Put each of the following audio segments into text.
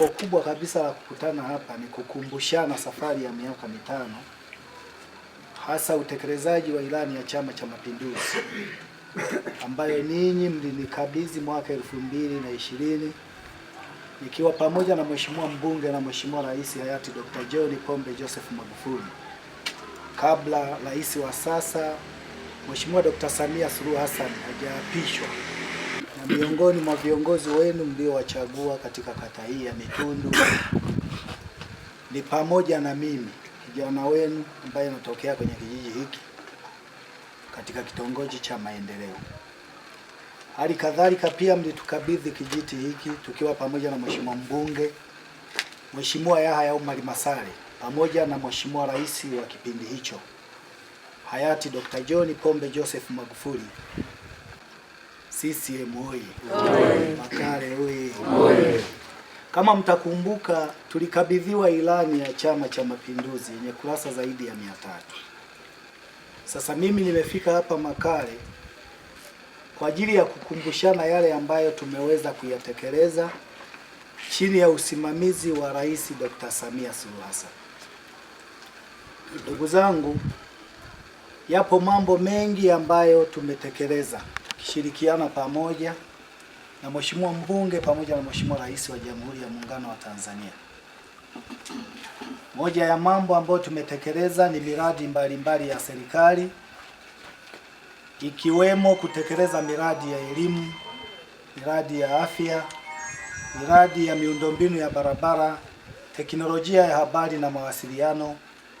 Lengo kubwa kabisa la kukutana hapa ni kukumbushana safari ya miaka mitano, hasa utekelezaji wa ilani ya Chama cha Mapinduzi ambayo ninyi mlinikabidhi mwaka elfu mbili na ishirini nikiwa pamoja na Mheshimiwa mbunge na Mheshimiwa Rais hayati Dr. John Pombe Joseph Magufuli, kabla rais wa sasa Mheshimiwa Dr. Samia Suluhu Hassan hajaapishwa na miongoni mwa viongozi wenu mliowachagua katika kata hii ya Mitundu ni pamoja na mimi kijana wenu ambaye natokea kwenye kijiji hiki katika kitongoji cha maendeleo. Hali kadhalika pia mlitukabidhi kijiti hiki tukiwa pamoja na mheshimiwa mbunge Mheshimiwa Yahaya Omar Masare pamoja na mheshimiwa rais wa kipindi hicho hayati Dr. John Pombe Joseph Magufuli CCM eh, oye! Makale oye! Kama mtakumbuka, tulikabidhiwa ilani ya Chama cha Mapinduzi yenye kurasa zaidi ya mia tatu. Sasa mimi nimefika hapa Makale kwa ajili ya kukumbushana yale ambayo tumeweza kuyatekeleza chini ya usimamizi wa Rais Dr. Samia Suluhu Hassan. Ndugu zangu, yapo mambo mengi ambayo tumetekeleza kishirikiana pamoja na Mheshimiwa mbunge pamoja na Mheshimiwa Rais wa Jamhuri ya Muungano wa Tanzania. Moja ya mambo ambayo tumetekeleza ni miradi mbalimbali ya serikali ikiwemo kutekeleza miradi ya elimu, miradi ya afya, miradi ya miundombinu ya barabara, teknolojia ya habari na mawasiliano,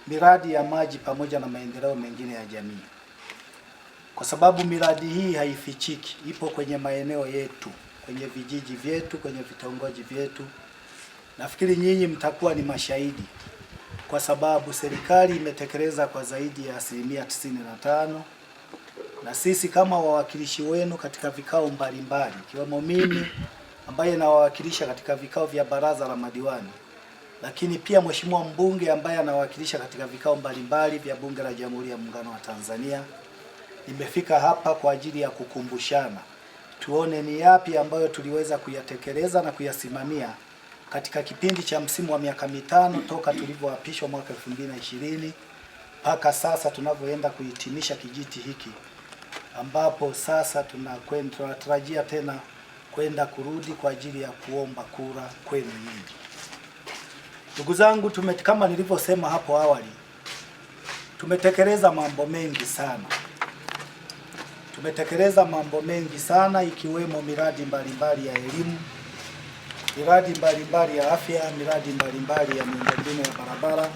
miradi ya maji pamoja na maendeleo mengine ya jamii kwa sababu miradi hii haifichiki, ipo kwenye maeneo yetu, kwenye vijiji vyetu, kwenye vitongoji vyetu. Nafikiri nyinyi mtakuwa ni mashahidi, kwa sababu serikali imetekeleza kwa zaidi ya asilimia 95 na tano na sisi kama wawakilishi wenu katika vikao mbalimbali ikiwemo mimi ambaye nawawakilisha katika vikao vya baraza la madiwani, lakini pia mheshimiwa mbunge ambaye anawakilisha katika vikao mbalimbali vya bunge la Jamhuri ya Muungano wa Tanzania imefika hapa kwa ajili ya kukumbushana, tuone ni yapi ambayo tuliweza kuyatekeleza na kuyasimamia katika kipindi cha msimu wa miaka mitano toka tulivyoapishwa mwaka 2020 mpaka sasa tunavyoenda kuhitimisha kijiti hiki, ambapo sasa tunatarajia tena kwenda kurudi kwa ajili ya kuomba kura kwenu nyingi. Ndugu zangu, tume kama nilivyosema hapo awali, tumetekeleza mambo mengi sana tumetekeleza mambo mengi sana ikiwemo miradi mbalimbali ya elimu, miradi mbalimbali ya afya, miradi mbalimbali ya miundombinu ya barabara,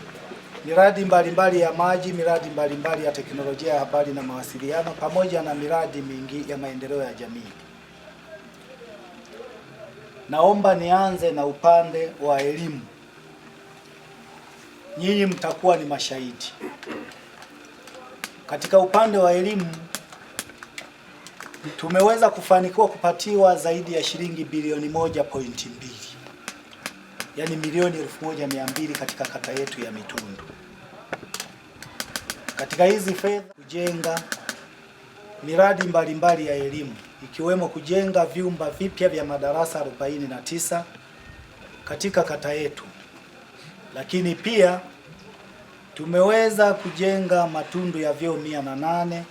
miradi mbalimbali ya maji, miradi mbalimbali ya teknolojia ya habari na mawasiliano, pamoja na miradi mingi ya maendeleo ya jamii. Naomba nianze na upande wa elimu. Nyinyi mtakuwa ni mashahidi. Katika upande wa elimu tumeweza kufanikiwa kupatiwa zaidi ya shilingi bilioni moja pointi mbili yaani milioni elfu moja mia mbili katika kata yetu ya Mitundu. Katika hizi fedha kujenga miradi mbalimbali mbali ya elimu ikiwemo kujenga vyumba vipya vya madarasa 49 katika kata yetu, lakini pia tumeweza kujenga matundu ya vyoo mia na nane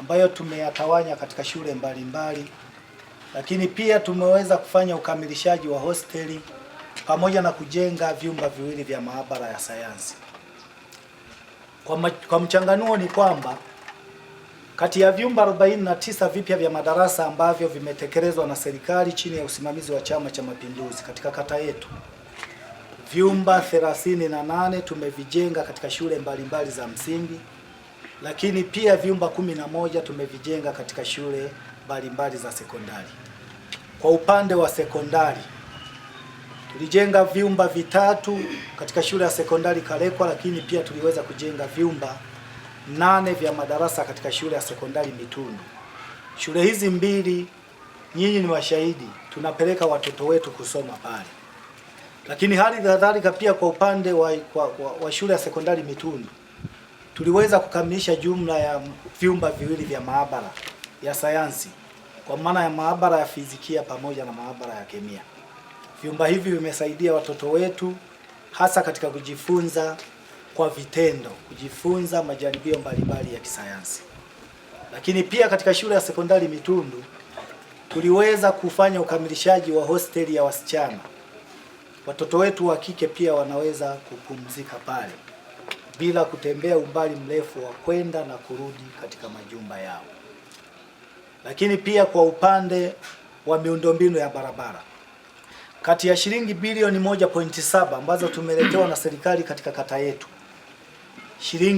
ambayo tumeyatawanya katika shule mbalimbali mbali. Lakini pia tumeweza kufanya ukamilishaji wa hosteli pamoja na kujenga vyumba viwili vya maabara ya sayansi. Kwa, kwa mchanganuo ni kwamba kati ya vyumba 49 vipya vya madarasa ambavyo vimetekelezwa na serikali chini ya usimamizi wa Chama cha Mapinduzi katika kata yetu, vyumba 38 tumevijenga katika shule mbalimbali mbali za msingi lakini pia vyumba kumi na moja tumevijenga katika shule mbalimbali za sekondari. Kwa upande wa sekondari tulijenga vyumba vitatu katika shule ya sekondari Kalekwa, lakini pia tuliweza kujenga vyumba nane vya madarasa katika shule ya sekondari Mitundu. Shule hizi mbili, nyinyi ni washahidi, tunapeleka watoto wetu kusoma pale. Lakini hali kadhalika pia kwa upande wa, wa, wa, wa shule ya sekondari Mitundu tuliweza kukamilisha jumla ya vyumba viwili vya maabara ya sayansi kwa maana ya maabara ya fizikia pamoja na maabara ya kemia. Vyumba hivi vimesaidia watoto wetu hasa katika kujifunza kwa vitendo, kujifunza majaribio mbalimbali ya kisayansi. Lakini pia katika shule ya sekondari Mitundu tuliweza kufanya ukamilishaji wa hosteli ya wasichana. Watoto wetu wa kike pia wanaweza kupumzika pale bila kutembea umbali mrefu wa kwenda na kurudi katika majumba yao. Lakini pia kwa upande wa miundombinu ya barabara, kati ya shilingi bilioni 1.7 ambazo tumeletewa na serikali katika kata yetu shilingi